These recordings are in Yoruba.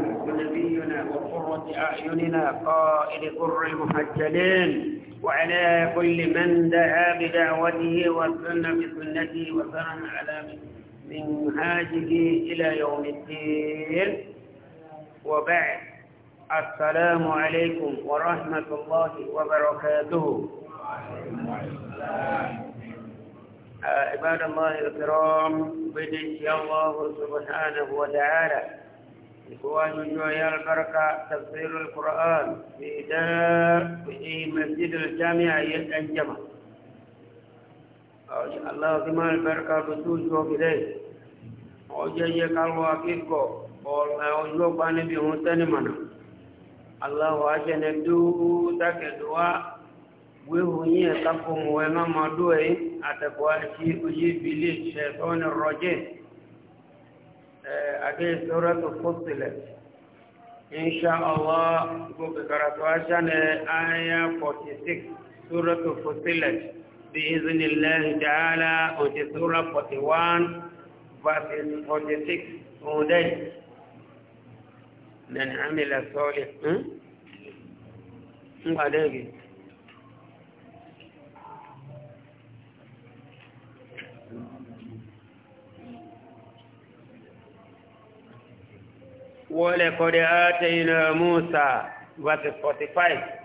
ونبينا وقرة أعيننا قائل قر المحجلين وعلى كل من دعا بدعوته وسن بسنته وسن على منهاجه إلى يوم الدين وبعد السلام عليكم ورحمة الله وبركاته آه، عباد الله الكرام بدعي الله سبحانه وتعالى إخواني يا البركة تفسير القرآن في دار في مسجد الجامعة الجمع أو شاء الله كما البركة بسوس وكذلك أوجي قالوا أكيدكو قول أوجو باني بهمتني منا الله أجن دو تك دعاء وهي تقوم وما مدوي أتقوى شيء يجيب لي الشيطان الرجيم Eh, hadith suratul fussilat insha Allah gobe karatu ashane aya 46 suratul fussilat bi iznillah ta'ala o ti sura 41 verse 46 mudai nan amila solih hmm? Ngbadegi. ولقد آتينا موسى بس 45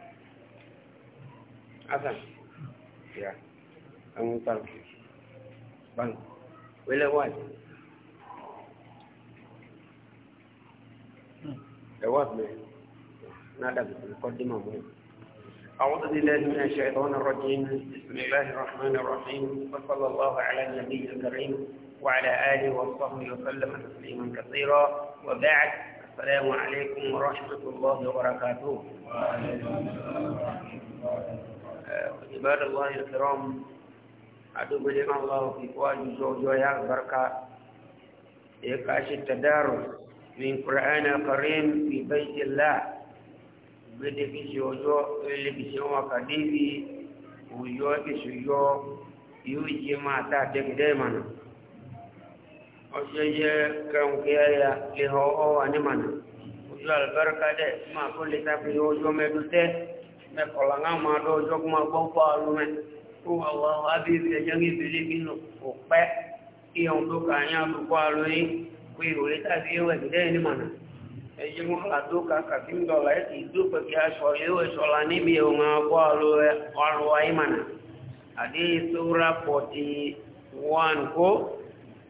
Hasan ya kamu tahu bang wele wat lewat ni nada mukadimah أعوذ بالله من الشيطان الرجيم بسم الله الرحمن الرحيم وصلى الله على النبي الكريم وعلى آله وصحبه وسلم تسليما كثيرا وبعد السلام عليكم ورحمة الله وبركاته عباد الله الكرام أدوب لنا الله في قوال زوجها البركة يكاش التدارس من قرآن الكريم في بيت الله في زوجو اللي بسيوم قديبي ويوكي سيوم يوجي ما تاتك دايما ọjọ́jẹ́ kẹrùnkẹ́ ya lè họ ọwà ní mànà ojú alùbáríkà dẹ̀ máa kó lè tàbí ojú mẹ́dú tẹ́ mẹ́kọ̀lá náà máa dọ́ ọjọ́ kó máa gbọ́n fọ́ àrùn mẹ́ kó wà wà wà bí ibi ẹjọ́ ní ìbílẹ̀ bí nù kò pẹ́ kí ohun tó kà ní àlùkò àrùn yìí pé ìròlé tàbí ẹwẹ̀ ìdẹ́ ní mànà ẹjẹ́ mú àdó kàkà kí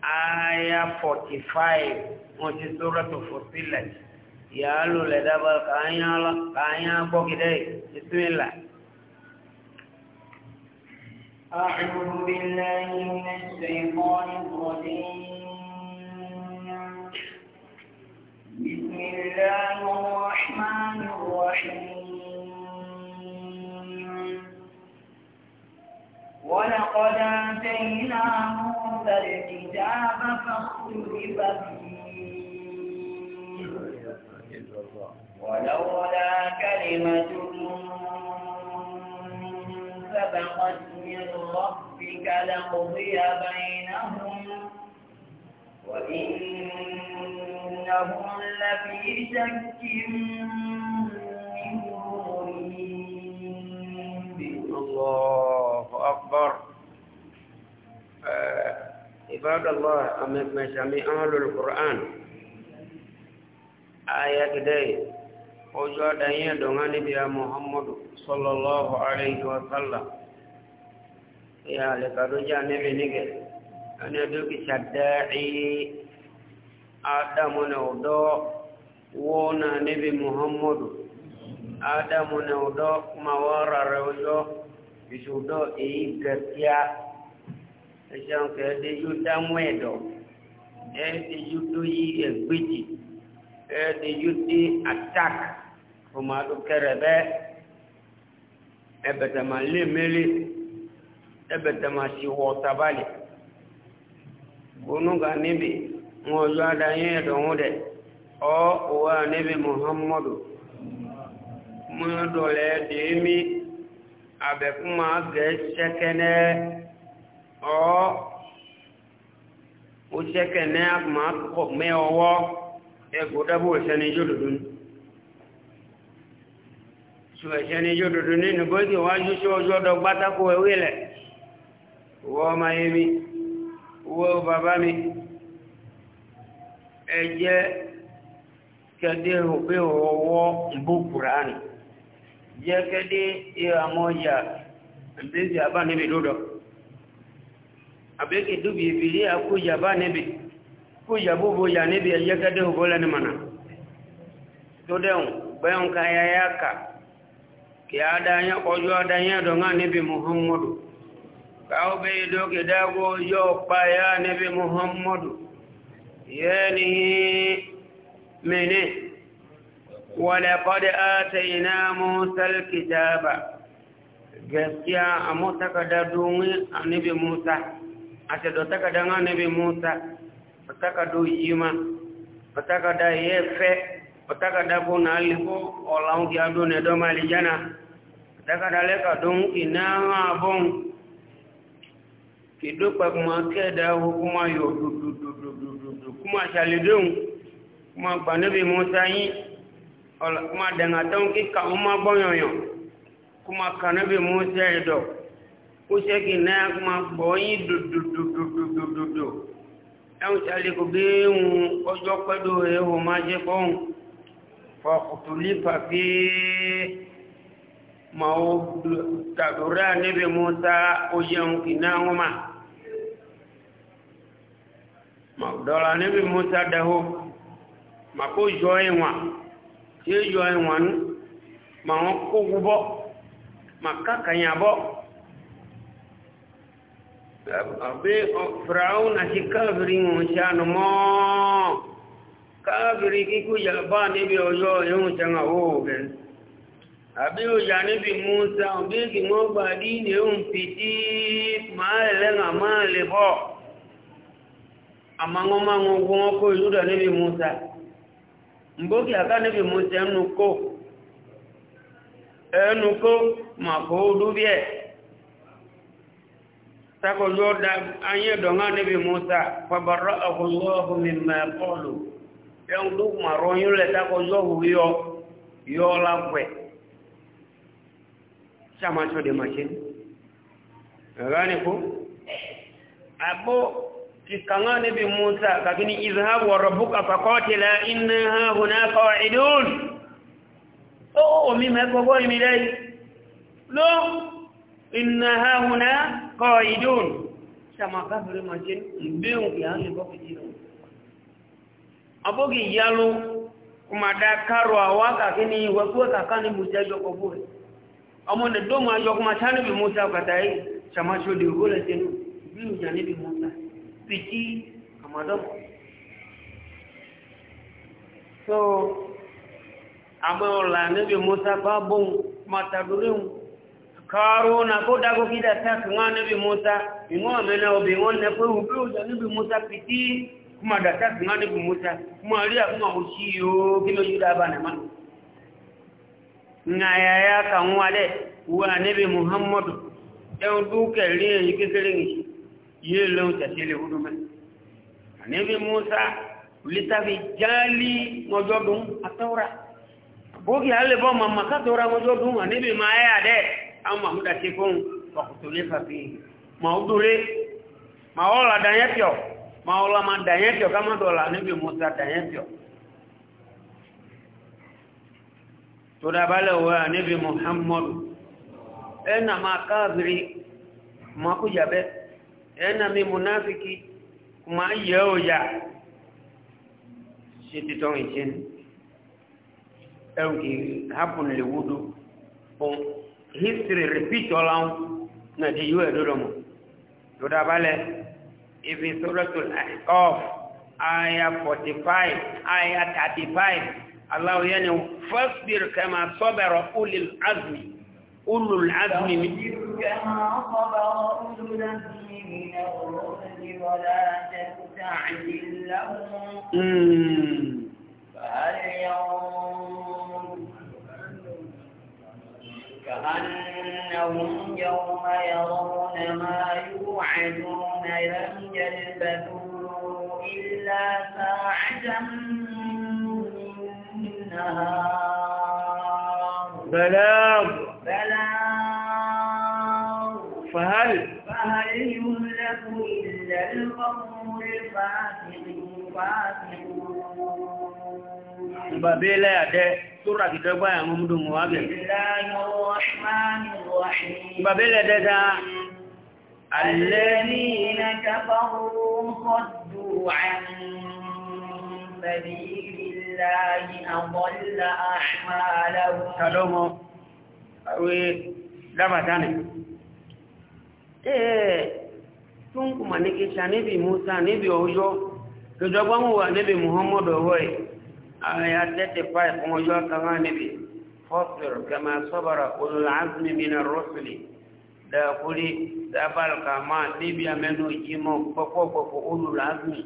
aya 45 wọn ti sórọ́tò fòsílẹ̀ ìyáàlò lẹ́dàbà kàáyán gbọ́gidẹ́ ìsúnilà أعوذ بالله من الشيطان الرجيم بسم الله الرحمن ولقد آتينا موسى الكتاب فاختلف فيه ولولا كلمة سبقت من ربك لقضي بينهم وإنهم لفي شك أكبر عباد الله أمد مسامي أهل القرآن آية دي وجود أن دعاني بها محمد صلى الله عليه وسلم يا لكروجا نبي نجي أنا دوك شداعي آدم نودو ونا نبي محمد آدم نودو موارا روجو bisudo e gaskiya shan ka da yu da mwedo e da yu do yi e gbiji e da yu di attack kuma do kerebe e beta ma le mele e beta ma si wo tabale gonu ga nibi mo yo ada o wa nibi muhammadu mo do abẹ̀kúnmọ́ gẹ̀ ṣẹ́kẹ́nẹ́ ọ́ ó ṣẹ́kẹ́nẹ́ àmọ́ kọ̀ mẹ́ ọwọ́ ẹgbọ́ dábò ìṣẹ́ni yóòdòdó ṣù ìṣẹ́ni yóòdòdó nínú bó ti wájú sí ọjọ́ ọdọ gbátákó ẹwé lẹ̀ wọ́ ọmọ yẹmi wọ́ bàbá mi ẹjẹ́ kẹ́dẹ́ òpé ọwọ́ ń kùránì. yẹ́gẹ́dẹ́ ìhàmọ́yà ẹ̀bẹ́sì àbá níbi lódọ̀ àbẹ́kẹ̀ dúbì ìbìrí àkóyà bá níbi kóyà ya yà níbi ẹ̀yẹ́gẹ́dẹ́ òbólẹ́ni mọ̀nà tó dẹ̀hùn bẹ́hùn káyáyáka kì ka ọjọ́ adáyẹ́ dọ̀ngá níbi muhammadu káwọ́ bẹ́yẹ dágbó níbi muhammadu yẹ́ ni ولقد آتينا موسى الكتاب gaskiya a mu takarda domin annabi musa a ta da takardan annabi musa ba takardo yima ba takarda ya fe ba takarda bu na alifu olahun ki ado ne don malijana ba takarda leka don ina abun ki dukpa kuma keda hukuma yau dududududu kuma shalidun kuma ba nabi musa yi kuma danga tan ki ka uma bonyoyo kuma kanabe musa edo kuse ki na kuma boyi du du du du du du du du en sale ko be un ojo pedo e o ma je bon fa khutulifa fi ma o tagura nebe musa o jeun ki na ngoma ma dola nebe musa daho ma ko joye wa tí ó yọ ẹ̀wọ̀n ní ma wọn kó gúbọ́ ma kákànyà bọ́ àbí eh, fìràún àti káàfìrí wọn ṣe ànàmọ́ káàfìrí kíkú yàbá níbi ọjọ́ ìhun tẹ́nà oògẹ́ àbí òyà níbi musa òbí kì wọ́n gbà dí ní ohun fìdí lè wọn kó ìlú dà níbi mgbogi aka n'ebe mo ṣe ẹnu kó ẹnu kó mà kó dúbí ẹ̀ takojú ọ̀dá ayé dọ̀ngá níbi musa fàbàrọ̀ ndụ ọkụ mẹ́kọ́lù ẹun tó màrọ̀ yọ yọ lápẹ̀ kanga nabi Musa lakini izhab wa rabbuka faqatila inna huna qa'idun oh mimi hapo milai lo inna huna qa'idun sama kabri majin mbiu yani boki jiro abogi yalo kumadakaro awaka kini wakuwa kakani mujajo kwa bure amone domo ajo kumatani bi Musa katai chama chodi ugole tenu biu ya nabi Musa Piti a so ama ọ̀la níbi musa bá matadurin karo na kó dágó kí dá sáàkì wọ́n musa ìwọ́n mẹ́lẹ̀ obì wọ́n nẹ pé òbí òjò níbi musa pìtí kúmà musa rí àkúmà òṣì yóò kí ló yí dábà nà mánu ǹyàyà kàwọn yelo tatile huduma anabi musa litafi jali mojodun atora bogi hale bo mama ka tora mojodun anabi maya de amma muda tikon wa kutulifa fi maudure maola danyepyo maola mandanyepyo kama dola anabi musa danyepyo tudabale wa anabi muhammad ena makazri makujabe ẹ̀nà mi mùnáfíkì kùmà yẹ ya. ṣe títọ́ ìṣẹ́ ni ẹ̀rù kì í happen fún history repeat ọ̀làwọn náà di yóò ẹ̀dọ́dọ̀ mọ̀ lọ́dọ̀ abalẹ̀ ibi suratul Ahqaf aya 45 aya 35 aláwọ̀ yẹn ni fasbir kama sabara ulil azmi. أولو العزم من كما صبر من الرسل ولا تستعجل لهم فهل يوم كأنهم يوم يرون ما يوعدون لم يلبثوا إلا ساعة من نهار Ìbàbí ilẹ̀ àdẹ́ tó ràkìtẹ́ gbáyà mú múdò mú wábẹ̀. Ìbàbí ilẹ̀ dẹ́dá, alẹ́ ní iná jábá oòrùn kọ́dù àmì ìlàyí àwọ̀lá àmàlàwò. Kàdọ́mọ́, àwẹ́ dábàtánì. Ee, tún kùmà ní kìí ṣà tujogwa mu wa nabi muhammad hoy aya 35 mmoja kama nabi fasbir kama sabara ulul azmi min ar-rusul da kuli da bal kama nabi amenu jimo popo popo ulul azmi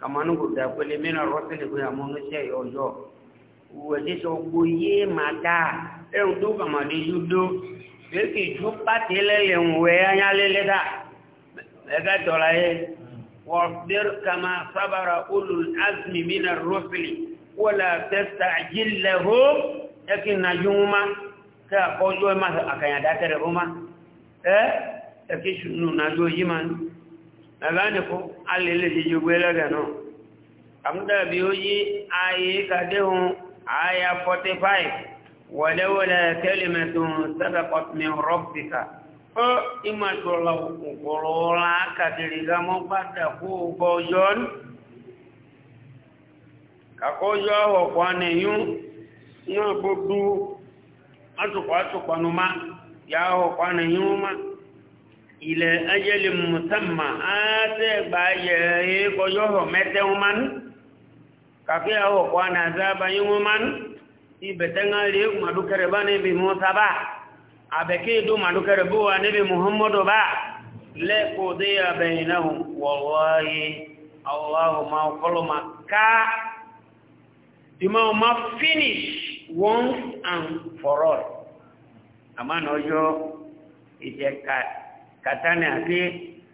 kama nugo da kuli min ar-rusul kuya munu che yojo uwezesha ugoye mata eu du kama de yudo eki ju patelele unwe anyalele da واصبر كما صبر أولو العزم من الرسل ولا تستعجل لهم لكن نجوما كأقولوا يوما أكان داتر هما إيه تكشنو نجو يمان أغانكو على اللي يجوا لغنو أمدا بيوجي آية كده آية 45 ولولا كلمة سبقت من ربك ọ ịma dọla ụkpọrọ ọla akadịrị ga ụgbọ ọjọ kakọ ọjọọ ahụ ọkwa na-enyu nwa abụdụ atụkwa atụkwanụma ya ahụ na-enyu ma ilẹ ajẹlẹ ma ní kàfíà ahụ ọkwa na azaba yẹwọn abeke do maluka rabu wa nabi muhammadu ba le ko de ya bainahum wallahi allah ma qulu makka ima ma finish once and for all amana ojo ije ka katane ati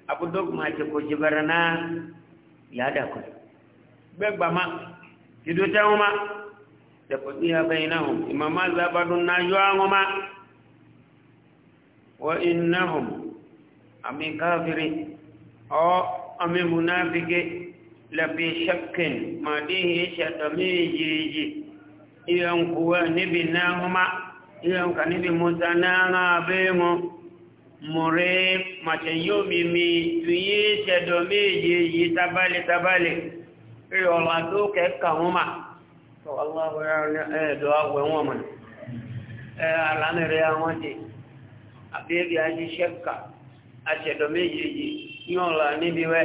abudok ma je ko jibarana yada ko gbegba ma tido tawma le ko de ya bainahum imama zabadun na yo وإنهم أمي كافر أو أمي منافق لفي شك ما ديه شتمي جيجي إيان كوا نبي ناهما إيان كنبي موسى بيمو mure mace yomi mi tuye ṣẹ̀dọ̀ méje yí tabali tabali ìrọ̀lá tó kẹ́kà wọn mọ̀ ẹ̀ àwọn àbíyẹ́bí aṣiṣẹ́ka aṣẹ̀dọ̀ méjèèjì yọ́nla níbi wẹ́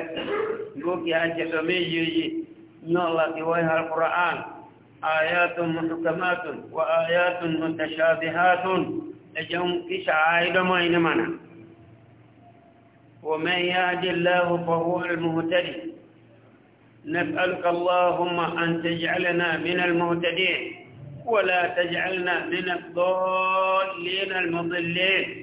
gòkè aṣẹ̀dọ̀ méjèèjì yọ́nla ti wọ́n alkùrán ayatun mutukamatun wa ayatun mutashabihatun ẹjẹun kíṣà àìdọ́mọ́ iná mana ومن يهد الله فهو المهتدي نسألك اللهم أن تجعلنا من المهتدين ولا تجعلنا من الضالين المضلين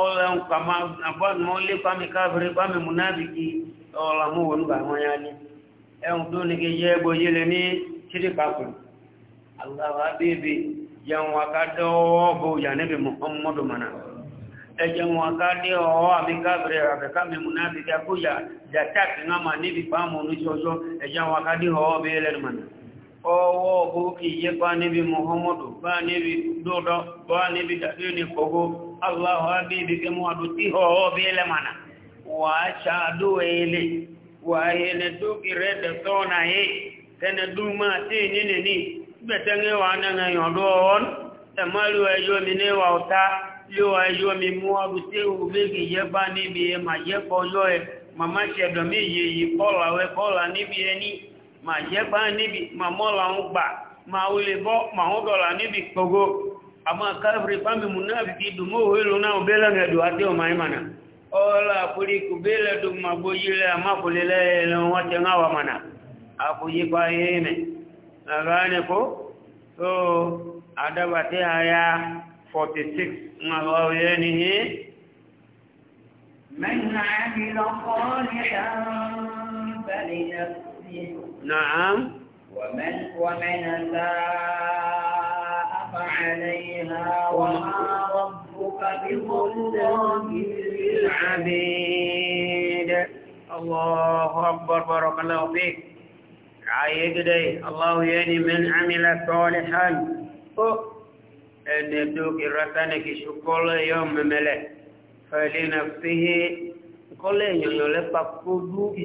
ọlọ́run kàmá àbọ̀nù ọlé kwami káfíìrì kwami múnábìkì ọlọ́mú wọn gbà wọn yá ni ẹ̀hún tó ní kí yẹ ẹgbẹ́ yẹlẹ ní tìrìkàkù aláwa bèbè jẹun waka dọ́wọ́ bó yànnẹ́bì mọ́mọ́dù mọ́nà ẹjẹun waka dé ọwọ́ àmì káfíìrì àbẹ̀kámi múnábìkì akóyà dàtàkì ńlá mà níbi pàmò oníṣọ́ṣọ́ ẹjẹun waka dé ọwọ́ bẹ́ẹ̀ lẹ́nu mọ́nà ọwọ́ ọkú ìyẹ́ bá níbi mohamedu bá níbi dúdọ bá níbi dàbí ní kogó aláwọ̀ bí ibi kí mú àdútí ọwọ́ bí ẹlẹ́mànà wà á ṣàdó èlé wà ẹni dókì rẹ̀ tẹ̀tọ́ na yí tẹni dúmọ́ tí ní nìní gbẹ̀tẹ́ Mama ṣe ẹ̀dọ̀mí yìí yìí kọ́lá wẹ́ kọ́lá níbi ẹni ma jẹ́ gbá níbi ma mọ́lá ń gbà ma ó lè bọ́ ma ó dọ̀là níbi gbogbo àmọ́ káfírí pàmì mú náà fi dùnmọ́ òwe lò náà bẹ́lẹ̀ ẹ̀dùn àti ọmọ ìmọ̀nà ọlá àkúrí ma gbóyí lẹ́ àmàkùlẹ̀ lẹ́yìn wọ́n ti ń àwà mọ̀nà àkúyí pa yìí mẹ́ àgbáyé kó tó adábàtẹ́ àyà 46 ń àwọn òye nìyí من عمل صالحا فلنفسه نعم ومن ومن ساء فعليها وما ربك بظلام للعبيد الله أكبر بارك الله فيك عايق دي الله يعني من عمل صالحا أن دوك رسانك شكول يوم ملك فلنفسه كل يوم يلقى كل دوك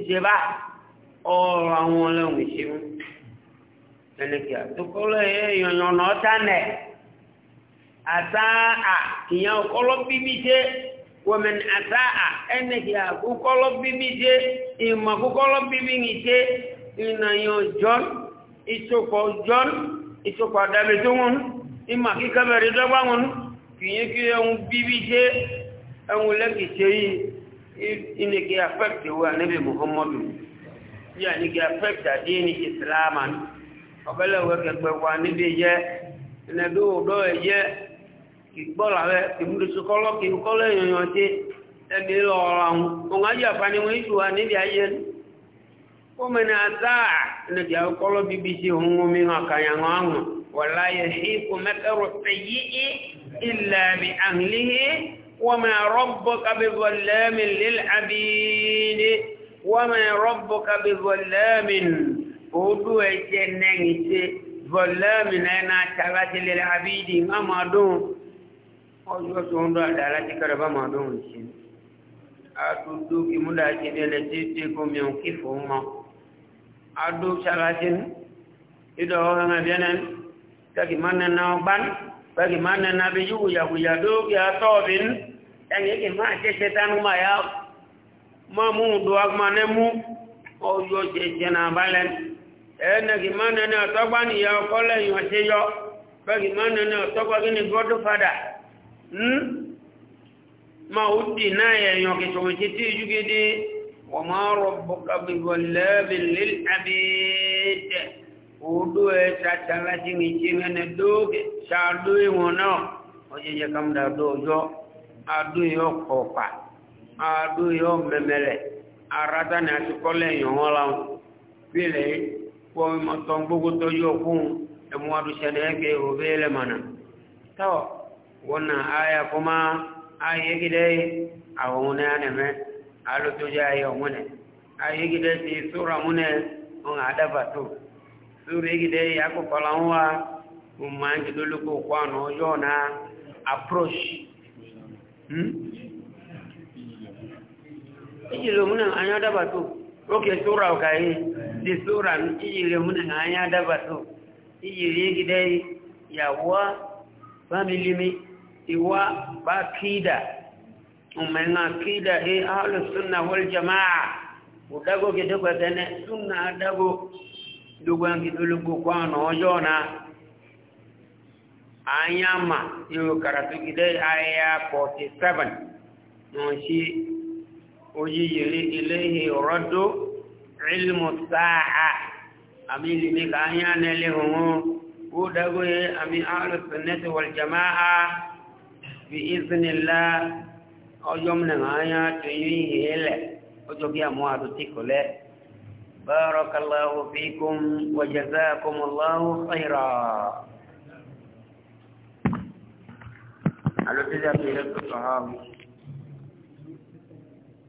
ọ̀rọ̀ àwọn ọlọ́run ìṣẹ́wọ́n ẹnìkì àtúkọ́lọ́ èèyàn ọ̀nà ọ̀tánẹ̀ àtàà ìyàn ọkọ́lọ́ bíbí ṣe wọ́mẹ̀n àtàà ẹnìkì àkúkọ́lọ́ bíbí ṣe ìmọ̀ àkúkọ́lọ́ bíbí ń ṣe ìnàyàn john ìṣòkọ̀ john ìṣòkọ̀ àdàbẹ̀ tó wọn ìmọ̀ kíkẹ́ bẹ̀rẹ̀ dọ́gba wọn kìyẹn kí ẹ̀hún bíbí ṣe ẹ̀hún lẹ́kì ṣe yìí ìnìkì àfẹ́kì wà níbi muhammadu yani ga fekta dini islaman ọbẹlẹ wẹkẹgbẹ wa níbi yẹ ẹnẹdó ọdọ ẹyẹ ìgbọlà rẹ ìmúdùsùkọlọ kì í kọlọ èèyàn tí ẹbí lọ ọrọ àwọn òun ajé àfààní wọn ìṣù wa níbi ayé kọmẹnì àzáà ẹnẹdí àkọlọ bíbí sí òun omi hàn kàyàngọ àwọn wọlá yẹ sí kò mẹkẹrù ilẹ̀ àbí àhìlíhì wọ́n mẹ́ rọ́bọ̀ kábíbọ̀ lẹ́mìlélẹ́àbí ni. وما ربك بظلام قدو الجنة ظلام أنا تغت للعبيد ما مدون ọjọ́ tó ń dọ́ àdá láti kẹrẹ bá máa dóhùn sí i àtúntò kí múlá ti délẹ̀ tí tí kò mìíràn kí mọ́ àdó ṣàlàyé ìdọ̀ ọ̀hún kẹ́kì má nana ọgbá kẹ́kì má mamudu agmanemu ọjọ́ ṣẹṣẹ náà balẹ̀ ẹnẹ̀gì mánà ní ọ̀tọ́gbà níyà ọkọ́ lẹ́yìn ọ̀ṣẹ́ yọ bẹ́gì mánà ní ọ̀tọ́gbà kí ni godfather ma ó dì náà ẹ̀yàn kìtòwìtì tí ìjú gidi wọ́n máa rọ̀ bọ́kàbíbọ̀ lẹ́bìnlẹ́ àbíẹ́tẹ̀ odó ẹ̀ tàtàlájì ní ìṣẹ́mẹ́nẹ̀ dóògì ṣàdó ìwọ̀n náà ọjẹ́jẹ́ kàmdà dóòjọ́ adó ìyọkọ̀ọ̀pàá adu yɔ mɛmɛlɛ arata ni atukɔlɛ yɔn la o bile to mɔtɔn gbogbo tɔ yɔ fún ɛmu o mana tɔ wɔna aya kuma aye gidɛ awɔn ne anɛmɛ alo to dza aye ɔmu nɛ aye gidɛ ti to sori gidɛ yakɔkɔla ŋu wa o na approach. Hmm? iji lo muna anya daba to oke sura ka yi di sura iji lo muna anya daba to iji ri gidai yawa family mi iwa ba kida umenga kida e ahlu sunna wal jamaa udago kidogo tene sunna adago dugu yangi dulugu kwano ojona anyama yo karatu gidai aya 47 nonshi oyiyere ilehi rọ́dọ́ ilmu sáà àmì ìlìmí ka an yá nílẹ̀ ohun ó dágóyé àmì alùsùnẹ́tì wal jama'a fi ìsinilá ọjọ́ mìíràn ayá tó yí ìhẹ́lẹ̀ ọjọ́ bí àmú àdútí kọlẹ̀ barakallahu fikum wa jazakumullahu khaira alùsùnẹ́tì wal jama'a